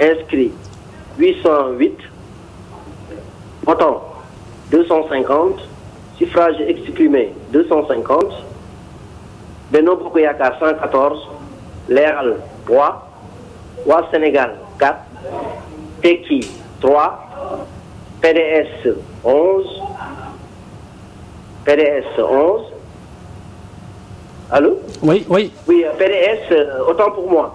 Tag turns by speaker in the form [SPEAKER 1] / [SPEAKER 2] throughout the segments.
[SPEAKER 1] inscrit 808 votants 250 suffrage exprimé 250 Benno Bokk Yaakaar 114 Leeral Sénégal 4 Tekki 3 PDS 11 PDS oui PDS euh, autant pour moi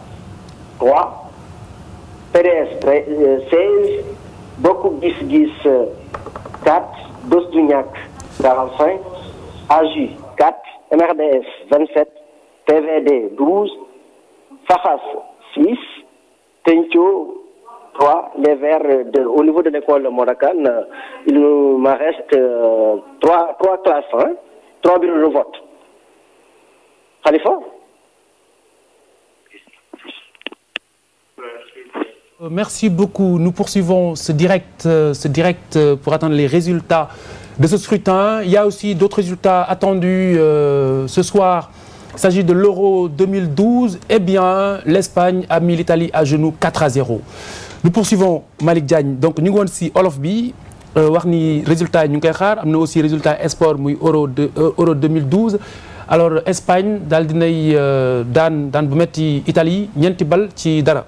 [SPEAKER 1] 3 PDS 16 Bokk Gis Gis 4 Bës du Ñàkk 45 AJ 4 MRDS 27 PVD 12 Faxas 6 Tenco 3 les Verts euh, au niveau de l'école Morakan euh, il nous m'en reste euh, trois classes trois bureaux de vote Khalifa
[SPEAKER 2] Euh, merci beaucoup. Nous poursuivons ce direct, euh, ce direct euh, pour attendre les résultats de ce scrutin. Il y a aussi d'autres résultats attendus euh, ce soir. Il s'agit de l'Euro 2012. Eh bien, l'Espagne a mis l'Italie à genoux 4 à 0. Nous poursuivons Malick Diagne. Donc ñu ngi woon si olof bi wax ni résultat yi ñu ngi koy xaar am na aussi résultat sport muy Euro de Euro 2012. alors Espagne daal dinay daan daan bu metti Italie ñeenti bal ci dara.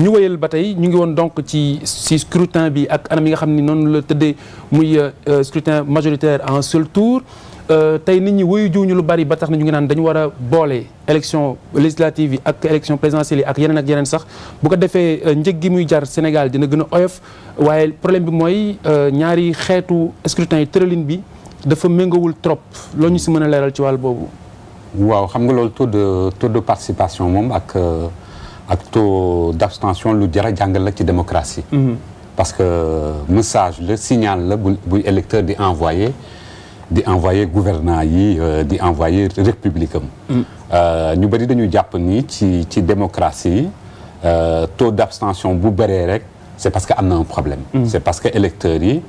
[SPEAKER 2] ñu wéyal ba tey ñu ngi woon donc ci ci scrutin bi ak anam yi nga xam ni noonu la tëddee muy euh, euh, scrutin majoritaire à un seul tour euh, tey nit ñi wuyu jiw ñu lu bari ba tax na ñu ngi naan dañu war a boole élection législative yi ak élection présidentielle yi ak yeneen ak yeneen sax bu ko defee njëg gi muy jar Sénégal dina gën a oyof waaye problème bi mooy ñaari xeetu scrutin yi tëralin bi dafa méngawul trop loo ñu si mën a leeral ci wàll boobu.
[SPEAKER 3] waaw xam nga loolu taux de taux de participation moom ak. ak taux d'abstention lu jar a jàngal la ci démocratie mhm. parce que message le signal la bu bu électeur di envoyé di envoyé gouvernant yi euh, di envoyé république am mhm. euh, ñu bëri dañu jàpp ni ci ci démocratie euh, taux d'abstention bu bëree rek c'est parce que na un problème mhm. c'est parce que électeurs yi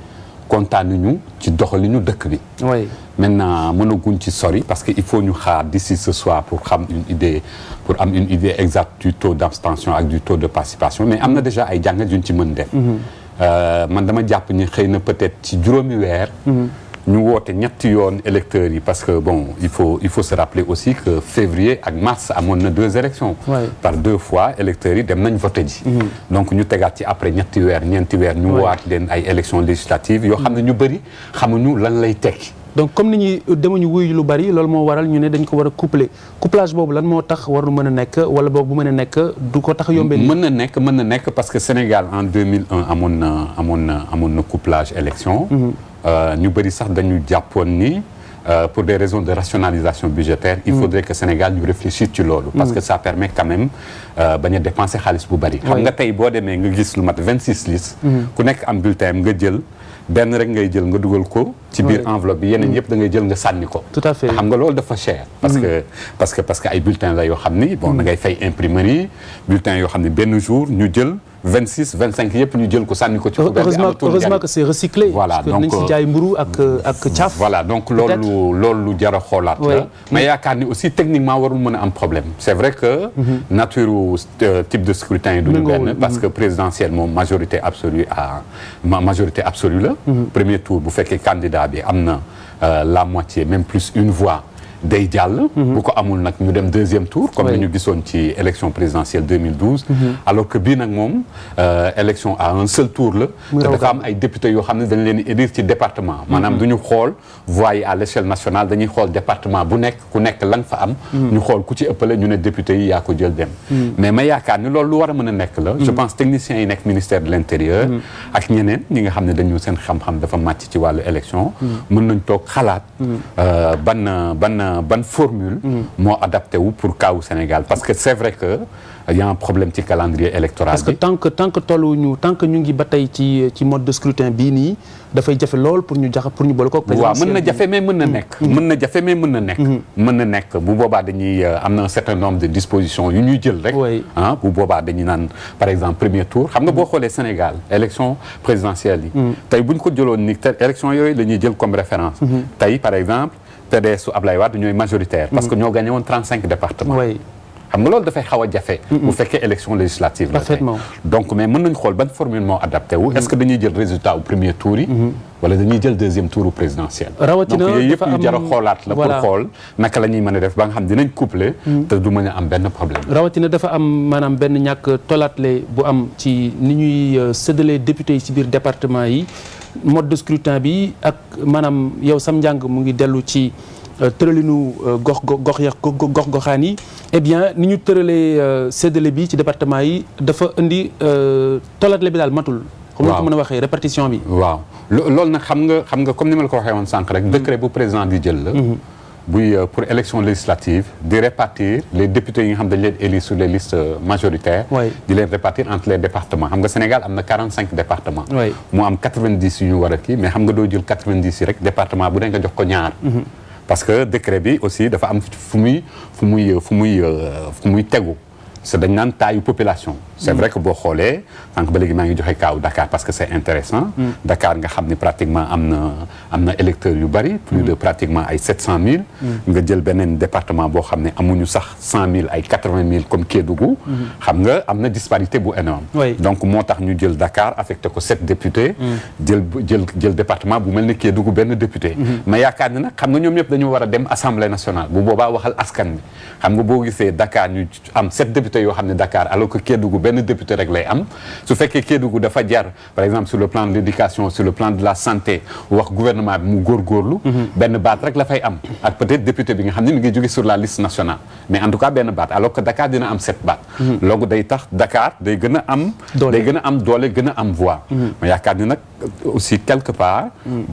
[SPEAKER 3] ñu ci ñu dëkk bi. oui maintenant mënaguñ ci sori parce que il faut ñu xaar d'ici ce soir pour xam une idée pour am une idée exacte du taux d'abstention ak du taux de participation mais am na déjà ay jàngat yuñ ci mën def. Mhm. Euh, man dama jàpp ni xëy na peut-être ci juróomi weer. Mhm. ñu woote ñett yoon électeurs yi parce que bon il faut il faut se rappeler aussi que février ak mars moon na deux élections par deux fois électeurs yi dem nañ voté ji mm-hmm. donc ñu tegaat ci après ñetti weer ñeenti weer ñu woowaat leen ay élections législatives yoo xam ne mm-hmm. ñu bëri xamuñu lan lay tekki
[SPEAKER 2] donc comme ni ñuy demuñu wuyu lu bari loolu moo waral ñu ne dañ ko war a coupler couplage boobu lan moo tax warul mën a nekk wala boobu bu mën a nekk du ko tax yombee. mën
[SPEAKER 3] na nekk mën na nekk parce que Sénégal en 2001 amoon na amoon na amoon na couplage élection. Mm-hmm. Euh, ñu bëri sax dañu jàppoon ni euh, pour des raisons de rationalisation budgétaire il mm. faudrait que Sénégal ñu réfléchir ci loolu parce mm. que ça permet quand même euh, bañ a dépenser xaalis bu bari xam nga tey boo demee nga gis lu mat vingt six listes mm. ku nekk am bulletin nga jël benn rek ngay jël nga dugal ko ci biir enveloppe bi yeneen yëpp da ngay jël nga sànni ko tout à fait xam nga loolu dafa cher parce que parce que parce que ay bulletins la yoo xam ni bon da ngay fay imprimerie bulletins yoo xam ni benn jour ñu jël 26 25 yëpp ñu jël ko sànni ko ci. heureusement heureusement que
[SPEAKER 2] c'est recyclé. voilà donc nañ si jaay
[SPEAKER 3] mburu ak euh, euh, ak caaf. voilà donc loolu loolu jar a xoolaat la. mais yaakaar ni aussi techniquement warul mën a am problème. c'est vrai que. Mhm. nature euh, type de scrutin yi duñu benn. parce que mhm. présidentielle moom majorité absolue à majorité absolue la. Mhm. premier tour bu fekkee candidat bi am na la moitié même plus une voix. day jàll. Mhm. bu ko amul nag ñu dem deuxième tour. comme ni ñu gisoon ci élection présidentielle 2012. Mhm. alors bii nag moom euh, élection à un seul tour la. te dafa am ay députés yoo xam ne dañ leen di élire ci département. Mhm. maanaam du ñu xool voix à l' nationale dañuy xool département bu nekk ku nekk la nga fa am. ñu xool ku ci ëppale ñu ne député yi yaa ko jël dem. mais ma yaakaar ni loolu war a mën a nekk la. je pense techniciens yi nekk ministère de l' ak ñeneen ñi nga xam ne dañu seen xam-xam dafa màcc ci wàllu élection. mën nañ toog xalaat. Euh, Euh, ban formule mm-hmm. moo adapté wu pour kaawu Sénégal parce que c'est vrai que euh, y a un problème ci calendrier électoral parce que
[SPEAKER 2] tant que tant que tolluñu tant que ñu ngi ba ci mode de scrutin bii nii dafay jafe lool pour ñu boole ko waaw mën na jafe
[SPEAKER 3] mais mm-hmm. na jafe mais mën na nekk mm-hmm. mën na nekk bu boobaa dañuy euh, am na un certain nombre de dispositions yu ñuy jël rek ah bu boobaa dañuy naan par exemple premier tour xam nga boo xoolee Sénégal élection présidentielle yi tey buñ ko jëloon ni PDS su Ablaye Wade ñooy majoritaire. parce que ñoo gagné woon 35 départements. oui xam nga loolu dafay xaw a jafe. bu fekkee élection législative la. parfaitement donc mais mën nañu xool ban formule moo adapté wu. est dañuy jël résultat au premier tour yi. Mm-hmm. wala dañuy jël deuxième tour a xoolaat la naka la ñuy mën a def ba nga xam dinañ couplé. Mm-hmm. te du mën a am benn problème.
[SPEAKER 2] rawatina dafa am maanaam benn ñàkk tolaatle bu am ci ni ñuy euh, séddalee député yi ci biir département yi. mode de scrutin bi ak maanaam yow sam njàng mu ngi dellu ci euh, tëralinu euh, gox gox ya gox goxaan yi eh bien ni ñu tëralee euh, séddale bi ci département yi dafa indi tollatle bi daal matul. waaw xam nga
[SPEAKER 3] mën a waxee répartition bi. waaw loolu nag xam nga xam nga comme ni ma la ko waxee woon sànq rek. Mm-hmm. décret bu président di jël la. Mm-hmm. buy euh, pour élection législative di répartir les députés yi nga xam dañ leen élire sur les listes euh, majoritaires di leen répartir entre les départements xam nga Sénégal am na 45 départements mu am 90 yu ñu war a kii mais xam nga doo jël 90 yi rek ga bu dee ko ñaar mhm. parce que décret bi aussi dafa am fu muy fu muy euh, fu muy fu muy tegu c'est dañ naan taayu population c'est mm. vrai que boo xoolee tant que ba léegi maa ngi joxe kaaw Dakar parce que c'est intéressant mm. Dakar nga xam ne pratiquement am na am na électeurs yu bari plus mm. de pratiquement ay sept cent mille nga jël beneen département boo xam ne amuñu sax cent mille ay quatre-vingt mille comme Kédougou mm-hmm. xam nga am na disparité bu énorme donc moo tax ñu jël Dakar affecté ko sept députés jël jël jël département bu mel ne Kédougou benn député mm-hmm. mais yaakaar ne nag xam nga ñoom ñëpp dañu war a dem assemblée nationale bu boobaa waxal askan bi xam nga boo gisee député yoo xam ne Dakar alors que Kédougou benn député rek lay am su fekkee Kédougou dafa jar par exemple sur le plan de l'éducation sur le plan de la santé wax gouvernement bi mu góorgóorlu mhm. benn baat rek la fay am ak peut-être député bi nga xam ne mi ngi jóge sur la liste nationale mais en tout cas benn baat alors que Dakar dina am sept baat mhm. loolu day tax Dakar day gën a am day gën am doole gën a am voix mhm. yaakaar ni aussi quelque part.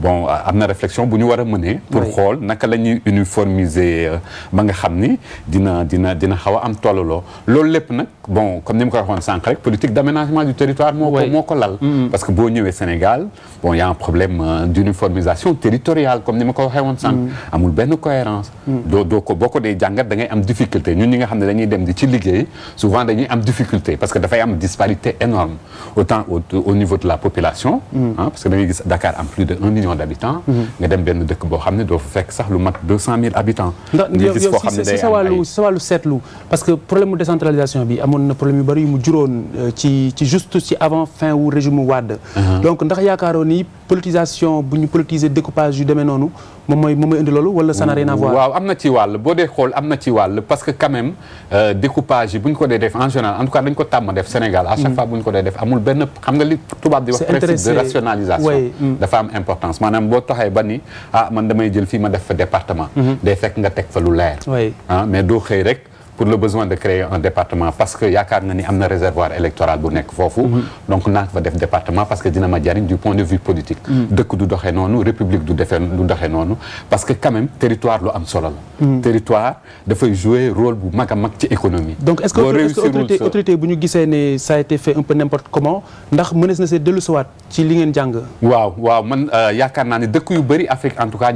[SPEAKER 3] bon am na réflexion bu ñu war a mënee. pour xool naka la ñuy uniformiser euh, ba nga xam ni dina dina dina xaw a am tolloo loolu lépp nag bon comme ni ma ko waxoon sànq rek politique d' aménagement du territoire. moo ko moo lal. Mm-hmm. parce que boo ñëwee Sénégal bon a un problème euh, d' territoriale comme ni ma ko waxee woon sànq. Mm-hmm. amul benn cohérence mm-hmm. doo doo boo ko dee jàngat da ngay am difficulté ñun ñi nga xam ne dañuy dem di ci liggéey souvent dañuy am difficulté parce que dafay am disparité énorme autant au niveau de la population. Mm. parce que da ngay gis Dakar am plus de un million d' habitants. Mhm. nga dem benn dëkk boo xam ne doo fa sax lu mat deux cent mille habitants. nga gis xam ne day am ay sa wàllu
[SPEAKER 2] sa wàllu seetlu parce que problème décentralisation bi amoon na problème yu bëri yu mu juróon euh, ci juste ci avant fin wu régime Wade. Uh-huh. donc ndax yaakaaroon ni politisation bu ñu politiser découpage yu demee noonu moom mooy moom mooy indi loolu wala ça n'a rien waaw
[SPEAKER 3] am na ci wàll boo dee xool am na ci wàll parce que quand euh, découpage yi bu ñu ko dee def en général en tout cas dañ ko tàmm def Sénégal à chaque mm. fois bu ñu ko dee def amul benn xam nga li tubaab di wax principe rationalisation mm. dafa am importance maanaam boo taxee ba ni ah man damay jël fii ma def fa département mm-hmm. day fekk nga teg fa lu leer ah, mais doo pour le besoin de créer un département parce que yaakaar na ni am na réservoir électoral bu nekk foofu mhm. donc naa fa def département parce que dina jariñ du point de vue politique mhm. dëkk du doxee noonu république du defee noonu parce que quand même territoire lu am solo la mhm. territoire dafay jouer rôle bu mag mag ci économie donc est-ce que
[SPEAKER 2] autorité bu ñu gisee ne ça été fait un peu n'importe comment ndax mënees na see
[SPEAKER 3] euh, dëkk yu bëri Afrique en tout cas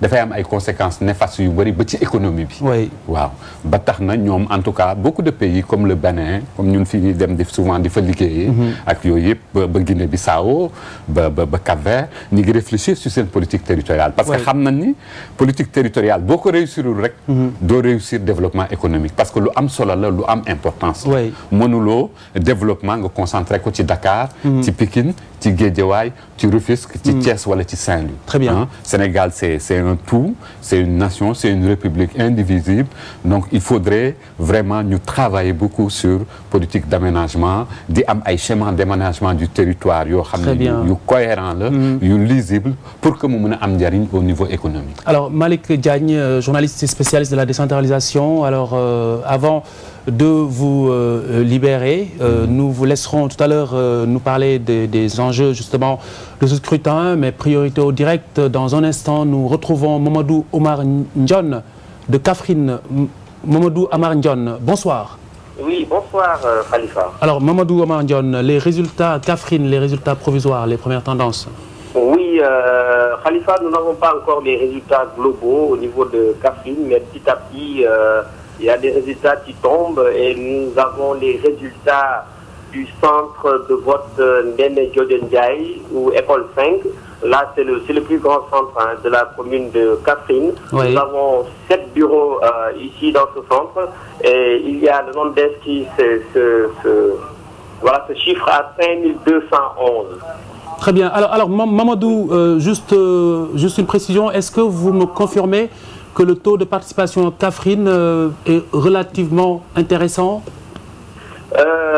[SPEAKER 3] dafay am ay conséquences néfastes yu bëri ba ci économie bi. oui waaw ba tax na ñoom en tout cas beaucoup de pays comme le Bénin comme ñun fii ñuy dem di souvent di fa liggéeyee. Mm-hmm. ak yooyu yëpp ba Guinée Bissau ba ba ba Cap-Vert ñu ngi réfléchir sur seen politique territoriale. parce que xam nañ ni politique territoriale boo ko réussirul rek. Mm-hmm. doo réussir développement économique parce que lu am solo la lu am importance. mënuloo développement nga concentré ko ci Dakar. Mm-hmm. ci pikin ci Guédiawaye ci Rufisque ci mm. Thiès wala ci Saint-Louis. très bien hein? Sénégal c'est c'est un tout c'est une nation c'est une république indivisible donc il faudrait vraiment ñu travailler beaucoup sur politique d'aménagement di am ay schéma d'aménagement du territoire yoo xam ne yu cohérent la mm. yu lisible pour que mu mën a am njariñ au niveau économique
[SPEAKER 2] alors Malick Diagne euh, journaliste et spécialiste de la décentralisation alors euh, avant de vous euh, libérer euh, mm. nous vous laisserons tout à l'heure euh, nous parler des des enjeu justement de ce scrutin, mais priorité au direct. Dans un instant, nous retrouvons Mamadou Omar Ndion de Kafrine. Mamadou Amar Ndion, bonsoir.
[SPEAKER 1] Oui, bonsoir euh, Khalifa.
[SPEAKER 2] Alors Mamadou Omar Ndion, les résultats Kafrine, les résultats provisoires, les premières tendances
[SPEAKER 1] oui, euh, Khalifa, nous n'avons pas encore les résultats globaux au niveau de Kafrine, mais petit à petit, euh, il y et nous avons les résultats du centre de vote Ndene Djodendjaï ou École 5. Là, c'est le, le plus grand centre hein, de la commune de Catherine. Oui. Nous avons sept bureaux euh, ici dans ce centre et il y a le nombre d'ES qui se, se, se, voilà, se chiffre à 5211.
[SPEAKER 2] Très bien. Alors, alors Mamadou, euh, juste, euh, juste une précision. Est-ce que vous me confirmez que le taux de participation à Catherine euh, est relativement intéressant
[SPEAKER 1] euh,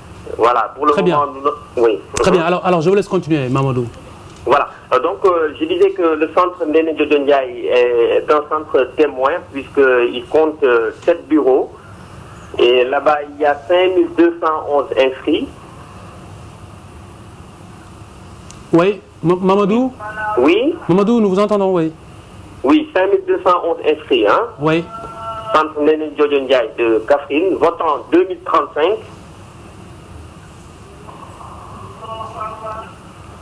[SPEAKER 1] Voilà, pour le Très moment, Voilà, euh, donc euh, je disais de Ndiaye est un centre témoin puisqu'il compte euh, 7 bureaux. Et a 5211 inscrits.
[SPEAKER 2] Oui, M Mamadou Oui. Mamadou, nous vous entendons, oui.
[SPEAKER 1] Oui, 5211 inscrits, hein Oui. Centre Ndene de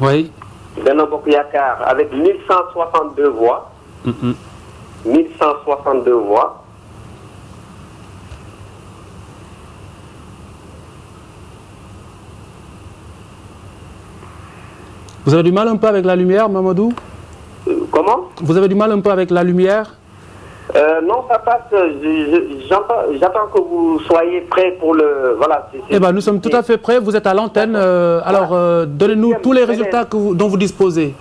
[SPEAKER 1] oui. Benno Bokk Yaakaar avec 1162 voix. Mm -hmm. 1162 voix.
[SPEAKER 2] Vous avez du mal un peu la lumière, Mamadou? Euh, comment? Vous avez du mal un peu la lumière? Euh, non, ça passe.
[SPEAKER 1] J'attends que vous soyez prêts pour le. Voilà. C est, c est... Eh
[SPEAKER 2] ben, nous sommes tout à fait prêts. Vous êtes à l'antenne. Euh, alors, euh, donnez-nous tous les résultats que vous, dont vous disposez.